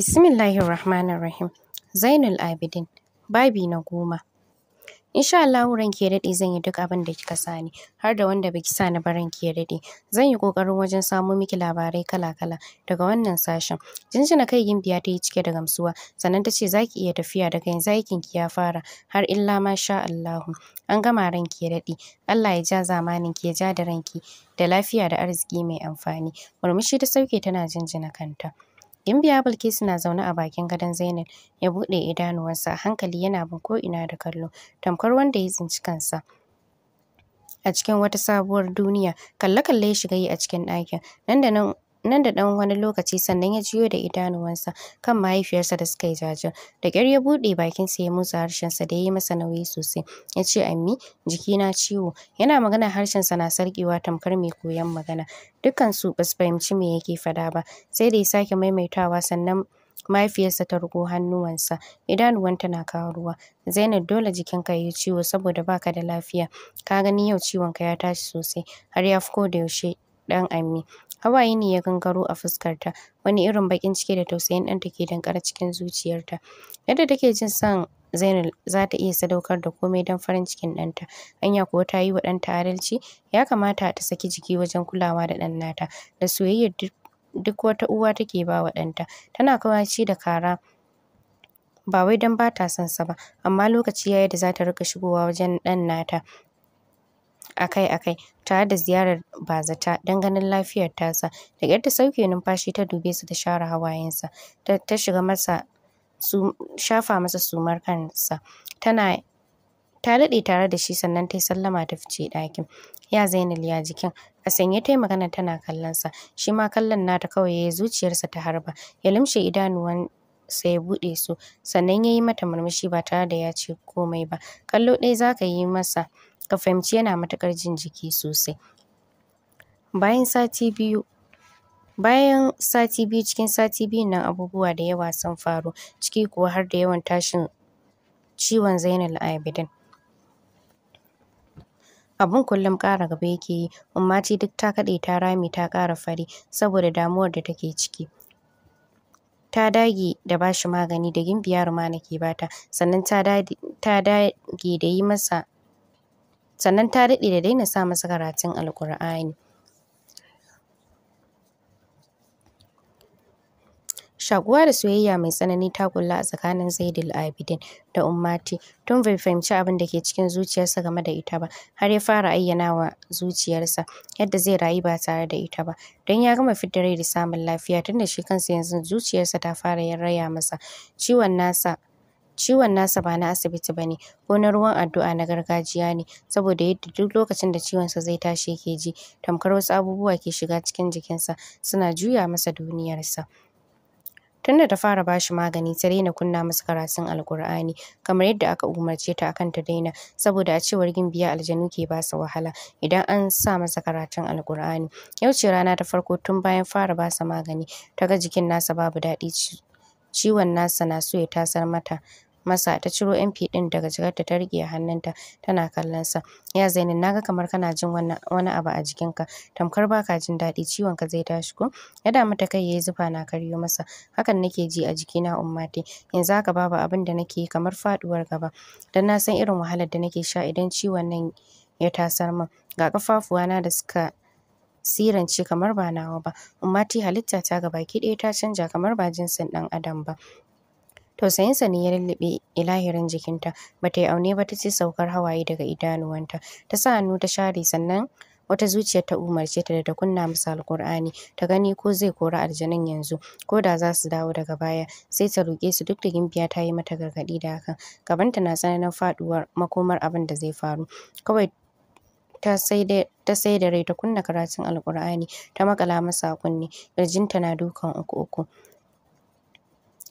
Bismillahir Rahmanir Rahim. Zainul Abidin, babi na goma. Insha Allah ya daɗe zan yi duk abin da kika sani, har da wanda baki sa ni ba ranki ya daɗe. Zan yi ƙoƙarin wajen samo miki labarai kala-kala daga wannan sashen. Jinjina kai biya ta yi cike da gamsuwa, sannan tace zaki iya tafiya da yanzu aikin ki ya fara har illa ma sha Allahu. An gama ranki ya dade. Allah ya ja zamanin ki ya ja da ranki da lafiya da arziki mai amfani. Murmushi ta sauke tana jinjina kanta. Gimbiya Bilkisu suna zaune a bakin gadon Zainab ya buɗe idanuwansa hankali yana bin ko'ina da kallo tamkar wanda ya tsinci kansa. a cikin wata sabuwar duniya kalle-kalle ya shiga yi a cikin ɗakin nan da nan nan da ɗan wani lokaci sannan ya jiyo da idanuwansa kan mahaifiyarsa da suka yi jajir da ƙyar ya buɗe bakinsa ya motsa harshensa da ya yi masa nauyi sosai ya ce ammi jikina ciwo yana magana harshen sa na sarƙewa tamkar mai koyan magana dukkansu ba su fahimci me yake faɗa ba sai da ya sake maimaitawa sannan mahaifiyarsa ta rugo hannuwansa idanuwanta na kawo ruwa zainab dole jikinka ya yi ciwo saboda baka da lafiya ka gani yau ciwonka ya tashi sosai har ya fi da yaushe ɗan ammi Hawaye ne ya gangaro a fuskarta, wani irin baƙin ciki da tausayin ɗanta ke dankar cikin zuciyarta. Yadda take jin san Zainab za ta iya sadaukar da komai don farin cikin ɗanta. Anya kuwa ta yi wa ɗanta adalci? Ya kamata ta saki jiki wajen kulawa da ɗan nata, da soyayyar duk wata uwa take ba wa ɗanta. Tana kawaci da kara ba wai don ba ta son ba, amma lokaci ya yi da za ta riƙa shigowa wajen ɗan nata akai-akai tare da ziyarar bazata don ganin lafiyar tasa. Da yadda ta sauke numfashi ta dube su ta share hawayensa ta shiga masa su shafa masa sumar kansa tana ta daɗe tare da shi sannan ta yi sallama ta fice ɗakin ya zainal ya jikin a sanye ta yi magana tana kallonsa shi ma kallon nata kawai ya yi zuciyarsa ta harba ya lumshe idanuwan sa ya buɗe su sannan ya yi mata murmushi ba tare da ya ce komai ba kallo ɗaya za ka yi masa ka fahimci yana matuƙar jin jiki sosai bayan sati biyu bayan sati biyu cikin sati biyun nan abubuwa da yawa sun faru ciki kuwa har da yawan tashin ciwon Zainal Abidin abun kullum ƙara gaba yake yi umma ce duk ta kaɗe ta rami ta ƙara fari saboda damuwar da take ciki ta dage da bashi magani da gimbiya rumana ke bata sannan ta dage da yi masa sannan ta daɗe da daina sa masa karatun alƙur'ani shakuwa da soyayya mai tsanani ta kulla a tsakanin Zaidul Abidin da Ummati tun bai fahimci abin da ke cikin zuciyarsa game da ita ba har ya fara ayyana wa zuciyarsa yadda zai rayu ba tare da ita ba don ya gama fidda rai da samun lafiya tunda shi kansa yanzu zuciyarsa ta fara yin raya masa ciwon nasa ciwon nasa ba na asibiti bane ko na ruwan addu'a na gargajiya ne saboda yadda duk lokacin da ciwon sa zai tashi yake ji tamkar wasu abubuwa ke shiga cikin jikin sa suna juya masa duniyar sa tunda ta fara bashi magani ta daina kunna masa karatun alkur'ani kamar yadda aka umarce ta akan ta daina saboda a cewar gimbiya aljanu ke basa wahala idan an sa masa karatun alkur'ani yau ce rana ta farko tun bayan fara basa magani ta ga jikin nasa babu daɗi ciwon nasa na so ya tasar mata masa ta ciro MP ɗin daga jikarta ta riƙe hannunta tana kallon sa ya Zainab naga kamar kana jin wannan wani abu a jikin ka tamkar baka jin dadi ciwon ka zai tashi ko ya mata kai kai yayi zufa na karyo masa hakan nake ji a jikina ummati yanzu haka babu abin da nake kamar faduwar gaba dan na san irin wahalar da nake sha idan ciwon nan ya tasar min ga kafafuwa na da suka sirance kamar ba nawa ba ummati halitta ta gabaki ɗaya ta canja kamar ba jinsin dan adam ba Tausayinsa ne ya lullube ilahirin jikinta. Bata yi aune ba ta ce saukar hawaye daga idanuwanta. Ta sa hannu ta share sannan wata zuciya ta umarce ta da ta kunna masa alkur'ani ta gani ko zai kora aljanin yanzu ko da za su dawo daga baya sai ta roƙe su duk da gimbiya ta yi mata gargaɗi da hakan gabanta na tsananin faɗuwar makomar abin da zai faru kawai ta sai da ta rai ta kunna karatun alkur'ani ta makala masa a kunne ƙirjinta na dukan uku uku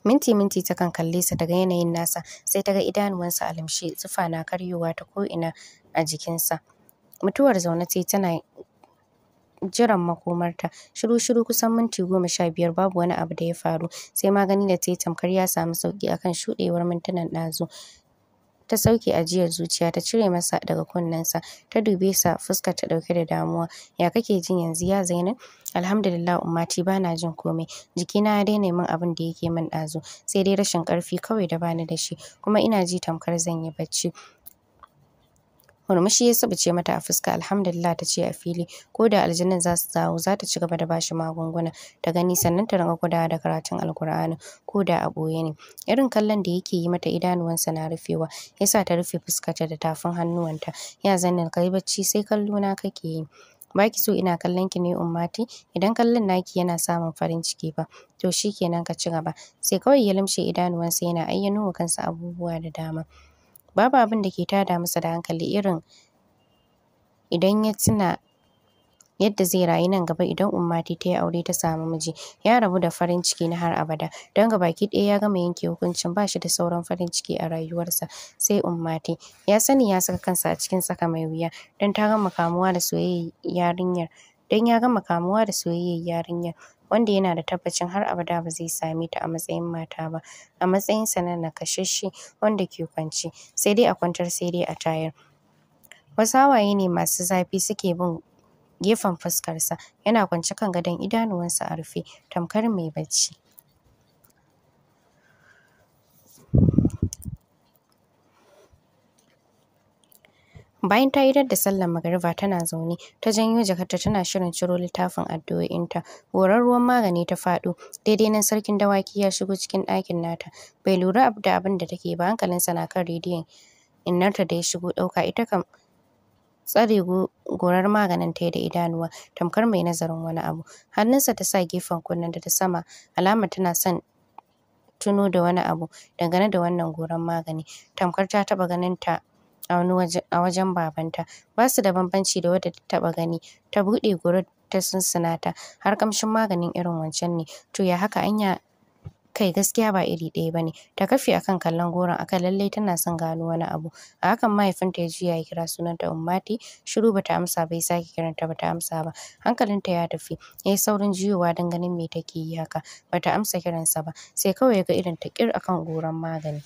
minti minti takan kalle sa daga yanayin nasa sai ta ga idanuwansa a limshe zufa na karyowa ta ko'ina a jikinsa mutuwar zaune ce tana jiran makomarta shiru shiru kusan minti goma sha biyar babu wani abu da ya faru sai magani da ta yi tamkar ya samu sauki akan shuɗewar mintunan ɗazu ta sauke ajiyar zuciya ta cire masa daga kunnensa ta dube sa fuskar ta dauke da damuwa ya kake jin yanzu ya Zainab alhamdulillah ummati bana jin komai jikina ya daina min abin da yake min dazu sai dai rashin karfi kawai da bani da shi kuma ina ji tamkar zan yi bacci murmushi ya ce mata a fuska alhamdulillah ta ce a fili ko da aljanin za su dawo za ta ci gaba da bashi magunguna ta gani sannan ta ranga kudawa da karatun alkur'ani ko da a ɓoye ne irin kallon da yake yi mata idanuwansa na rufewa sa ta rufe fuskarta da tafin hannuwanta ya zanna kai bacci sai kallo na kake yi baki so ina kallon ki ne ummati idan kallon naki yana samun farin ciki ba to shikenan ka ci gaba sai kawai ya lamshe idanuwansa yana ayyano wa kansa abubuwa da dama babu abin da ke tada masa da hankali irin idan ya tuna yadda zai rayu nan gaba idan Ummati ta yi aure ta samu miji ya rabu da farin ciki na har abada don baki ɗaya ya gama yanke hukuncin ba shi da sauran farin ciki a rayuwarsa sai Ummati ya sani ya saka kansa a cikin saka mai wuya don ta gama kamuwa da soyayyar yarinyar don ya gama kamuwa da soyayyar yarinyar wanda yana da tabbacin har abada ba zai same ta a matsayin mata ba a matsayin matsayinsa na nakashasshe wanda ke kwance sai dai a kwantar sai dai a tayar wasu hawaye ne masu zafi suke bin gefen fuskarsa yana kwance kan gadon idanuwansa a rufe tamkar mai bacci Bayan ta idar da sallar magariba tana zaune, ta janyo jakarta tana shirin ciro littafin addu'o'inta. Gorar ruwan magani ta faɗo, daidai nan sarkin dawaki ya shigo cikin ɗakin nata. Bai lura da abin da take ba, hankalinsa na kan rediyon innarta da ya shigo ɗauka, ita kam tsare gorar maganin ta da idanuwa, tamkar mai nazarin wani abu. Hannunsa ta sa gefen da ta sama, alama tana son tuno da wani abu dangane da wannan goran magani tamkar ta taɓa ganin ta a wajen babanta ba su da bambanci da wadda ta taɓa gani ta buɗe gurin ta sunsunata har kamshin maganin irin wancan ne to ya haka anya kai gaskiya ba iri ɗaya bane ta kafe akan kallon goron aka lallai tana son gano wani abu a hakan mahaifinta ya juya ya kira sunanta Ummati shiru bata amsa ba ya sake kiranta bata amsa ba hankalinta ya tafi ya yi saurin juyowa don ganin me take yi haka bata amsa kiransa ba sai kawai ya ga irin ta kir akan goron magani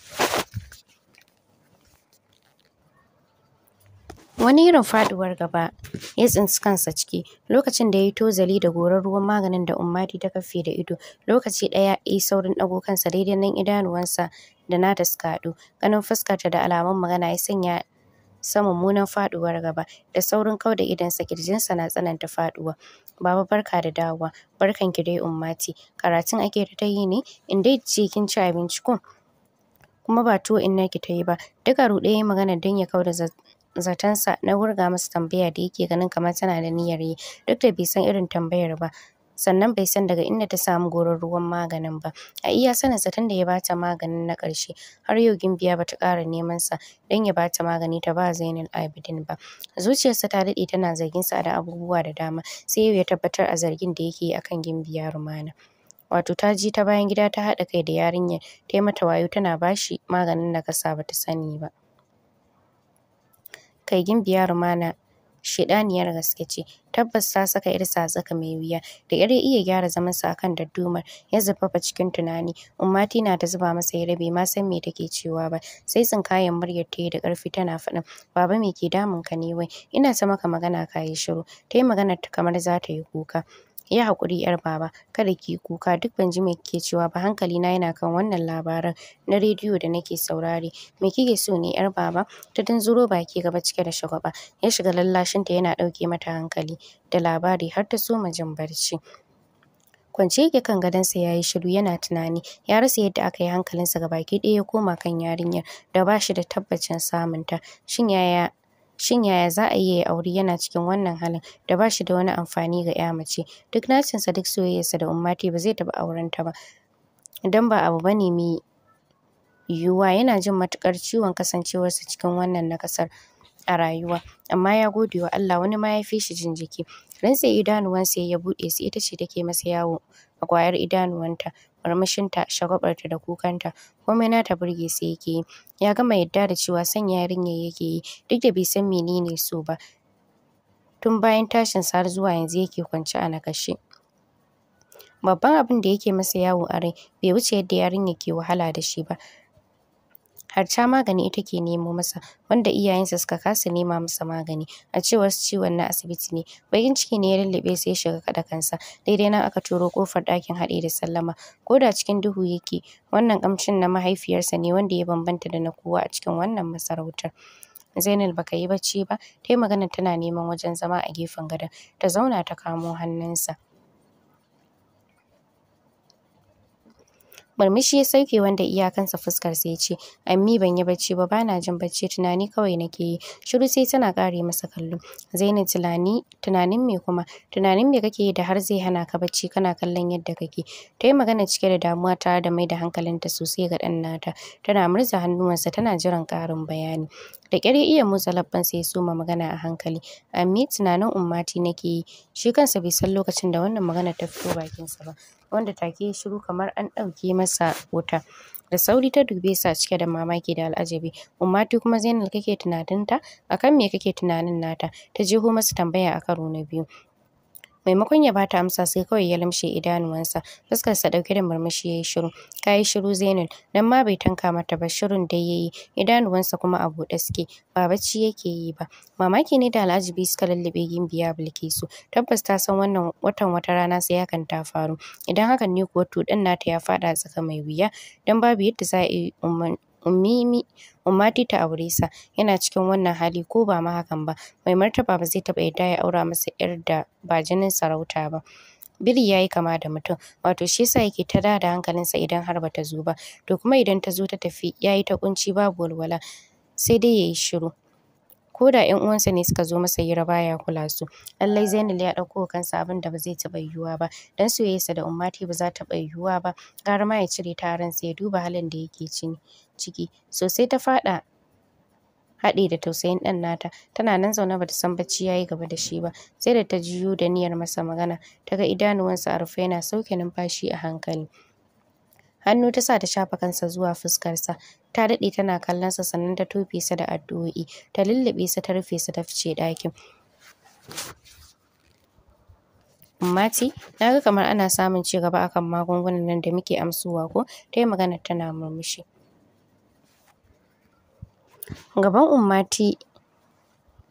Wani irin faɗuwar gaba ya tsinci kansa ciki lokacin da ya yi tozali da gorar ruwan maganin da Ummadi ta kafe da ido. Lokaci ɗaya ya yi saurin ɗago kansa daidai nan idanuwansa da nata suka haɗu. Ganin fuskarta da alamun magana ya sanya sa mummunan faduwar gaba da saurin kau da idonsa kirjinsa na tsananta faduwa. Baba barka da dawowa. Barkan ki dai Ummati. Karatun ake ta yi ne? In dai ce kin ci abinci ko? Kuma ba tuwo in innarki ta yi ba. Duka ruɗe ya yi magana don ya kau da sa na gurga masa tambaya da yake ganin kamar tana da niyyar yi duk da bai san irin tambayar ba sannan bai san daga inda ta samu goron ruwan maganin ba a iya sanin zaton da ya bata maganin na karshe har yau gimbiya bata kara neman sa don ya bata magani ta ba Zainul Abidin ba zuciyarsa ta daɗe tana zargin sa da abubuwa da dama sai yau ya tabbatar a zargin da yake yi akan gimbiya Rumana wato ta je ta bayan gida ta hada kai da yarinyar ta mata wayo tana bashi maganin nakasa bata sani ba biyar gimbiya rumana shiɗaniyar gaske ce tabbas ta saka irsa sa tsaka mai wuya da ya iya gyara zaman sa akan daddumar ya zuffafa cikin tunani ummati na ta zuba masa ya bai ma san me take cewa ba sai tsinkayen muryar ta da karfi tana faɗin baba me ke damun ka ne wai ina ta maka magana ka yi shiru ta yi maganar ta kamar za ta yi kuka yi haƙuri 'yar Baba, kada ki kuka duk ban ji me kike cewa ba hankali na yana kan wannan labaran na rediyo da nake saurare. Me kike so ne 'yar Baba? Ta zuro baki gaba cike da shagwaba Ya shiga lallashinta yana ɗauke mata hankali da labari har ta soma jin barci. kwance yake kan gadonsa ya yi shiru yana tunani ya rasa yadda aka yi hankalinsa baki ɗaya ya koma kan yarinyar da ba shi da tabbacin samunta shin yaya Shin yaya za a yi ya aure yana cikin wannan halin da ba shi da wani amfani ga 'ya mace? Duk nacinsa duk soyayyarsa da Ummati ba zai auren ta ba don ba abu bane ne mai yiwuwa. Yana jin matukar ciwon kasancewarsa cikin wannan nakasar a rayuwa, amma ya gode wa Allah wani ma ya fi shi jin jiki. Rintse idanuwansa ya ya buɗe su, ita ce take masa yawo a idanuwan idanuwanta. murmushinta, ta da kukanta. Komai nata burge sai yake yi. Ya gama yadda da cewa son yarinyar yake yi duk da bai san menene so ba. Tun bayan tashin sa har zuwa yanzu yake kwance a nakashe. Babban abin da yake masa yawo a rai bai wuce yadda yarinyar ke wahala da shi ba. harta magani ita ke nemo masa wanda iyayensa suka kasa nema masa magani a cewar su ciwon na asibiti ne bakin ciki ne ya lullube sai ya shiga kaɗa kansa daidai nan aka turo kofar ɗakin haɗe da sallama ko da cikin duhu yake wannan kamshin na mahaifiyarsa ne wanda ya bambanta da na kowa a cikin wannan masarautar Zainab baka yi bacci ba, ta yi magana tana neman wajen zama a gefen gadon, ta zauna ta kamo hannunsa. murmushi ya sauke wanda iyakansa fuskar sai ce ammi ban yi bacci ba bana jin bacci tunani kawai nake yi shiru sai tana kare masa kallo zainab tunani tunanin me kuma tunanin me kake yi da har zai hana ka bacci kana kallon yadda kake ta yi magana cike da damuwa tare da mai da hankalinta sosai ga dan nata tana murza hannuwansa tana jiran karin bayani da ƙyar ya iya motsa labban sai ya soma magana a hankali ammi tunanin ummati nake yi shi kansa bai san lokacin da wannan magana ta fito bakinsa ba wanda take ya shiru kamar an ɗauke masa wuta. Da sauri ta dube sa cike da mamaki da al'ajabi. ummati kuma Zainal kake tunaninta? Akan me kake tunanin nata? Ta jeho masa tambaya a karo na biyu. maimakon ya bata amsa sai kawai ya lamshe idanuwansa fuskarsa dauke da murmushi yayi shiru ka shiru zainul dan ma bai tanka mata ba shirun da yayi idanuwansa kuma a bude suke ba bacci yake yi ba mamaki ne da al'ajibi suka lullube gimbiya bilkisu tabbas ta san wannan watan wata rana sai hakan ta faru idan hakan ne kuwa to dan nata ya fada tsaka mai wuya dan babu yadda za a yi Ummimi Ummati ta aure sa yana cikin wannan hali ko ba ma hakan ba mai martaba ba zai taɓa yarda ya aura masa ƴar da ba jinin sarauta ba. Biri ya yi kama da mutum, wato shi yasa yake ta da hankalinsa idan har ta zo ba, to kuma idan ta zo ta tafi ya yi ta kunci babu walwala, sai dai ya yi shiru. ko da yan uwansa ne suka zo masa hira baya kula su lallai Zainul ya ɗauko wa kansa abin da ba zai taɓa yiwuwa ba dan soyayyarsa da Ummati ba za ta taɓa yiwuwa ba gara ma ya cire ta ransa ya duba halin da yake ciki sosai ta faɗa haɗe da tausayin ɗan nata tana nan zaune bata san bacci yayi gaba da shi ba sai da ta juyo da niyyar masa magana ta taga idanuwansa a rufe yana sauke numfashi a hankali hannu ta sa ta shafa kansa zuwa fuskarsa ta daɗe tana kallonsa sannan ta tofe sa da addu'o'i ta lullube sa ta rufe sa ta fice ɗakin Mati, na ga kamar ana samun ci gaba akan magungunan nan da muke amsowa ko? Ta yi magana tana murmushi. Gaban Ummati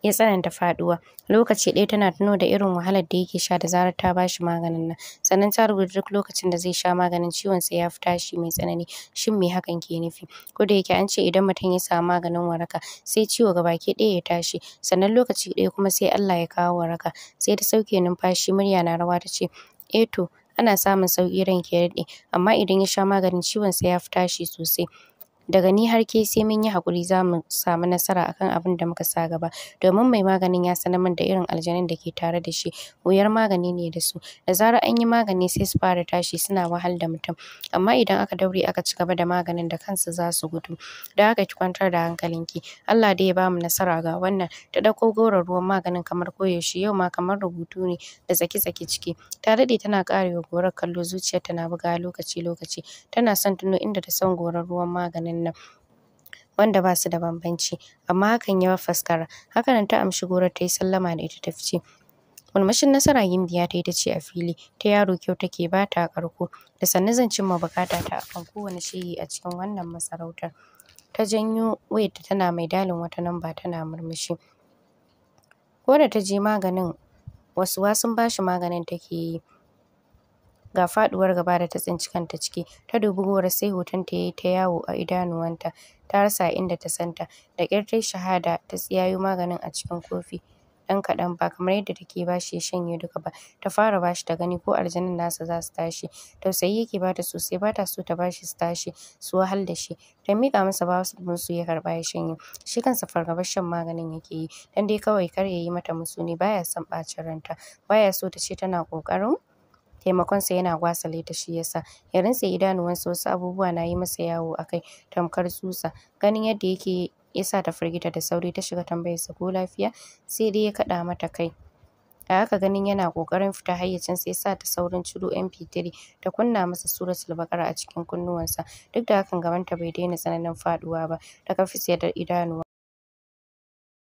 ya tsananta faduwa. Lokaci ɗaya tana tuno da irin wahalar da yake sha da zarar ta ba shi maganin nan. Sannan ta rubuta duk lokacin da zai sha maganin ciwon sa ya fi tashi mai tsanani. Shin me hakan ke nufi? Ko da yake an ce idan mutum ya samu maganin waraka sai ciwo gabaki ɗaya ya tashi. Sannan lokaci ɗaya kuma sai Allah ya kawo waraka. Sai ta sauke numfashi murya na rawa ta ce eh to ana samun sauƙi ranki ya daɗe amma idan ya sha maganin ciwon sa ya fi tashi sosai. daga ni har ke sai mun yi hakuri za mu samu nasara akan abin da muka sa gaba domin mai maganin ya sanar min da irin aljanin da ke tare da shi wuyar magani ne da su da zarar an yi magani sai su fara tashi suna wahal da mutum amma idan aka daure aka ci gaba da maganin da kansu za su gudu da haka ki kwantar da hankalinki Allah dai ya bamu nasara ga wannan ta dauko goron ruwan maganin kamar koyaushe yau ma kamar rubutu ne da tsaki-tsaki ciki ta daɗe tana karewa gorar kallo zuciyarta na buga lokaci-lokaci tana son tuno inda ta san gorar ruwan maganin wannan wanda ba su da bambanci amma hakan ya faskara Haka nan, ta amshi gorar ta yi sallama da ita ta fice murmushin nasara gimbiya ta yi ta ce a fili ta yaro kyau take ba ta ƙarko da sannu zan cimma buƙata ta akan kowane shiri a cikin wannan masarautar ta janyo wayarta tana mai dalin wata namba tana murmushi ko da ta je maganin wasu wasun ba shi maganin take yi ga faduwar gaba da ta tsinci kanta ciki ta dubi gora sai hotonta yayi ta yawo a idanuwanta ta rasa inda ta santa da kyar tayi shahada ta tsiyayo maganin a cikin kofi dan kaɗan ba kamar yadda take bashi ya shanye duka ba ta fara bashi ta gani ko aljanun nasa za su tashi tausayi yake bata sosai bata so ta bashi su tashi su wahal da shi ta mika masa bawul su ya karba ya shanye shi kansa gaba shan maganin yake yi dan dai kawai kar yayi mata musu ne baya son ɓacin ranta baya so ta ce tana ƙoƙarin taimakonsa yana gwasale ta shi yasa ya rintse idanuwansa wasu abubuwa na yi masa yawo a kai tamkar tsutsa ganin yadda yake yasa ta firgita da sauri ta shiga tambayarsa ko lafiya sai dai ya kaɗa mata kai da haka ganin yana kokarin fita hayyacinsa sa ta saurin ciro MP3 ta kunna masa suratul Baqara a cikin kunnuwansa duk da hakan gabanta bai daina tsananin faduwa ba ta kafi sai da idanuwa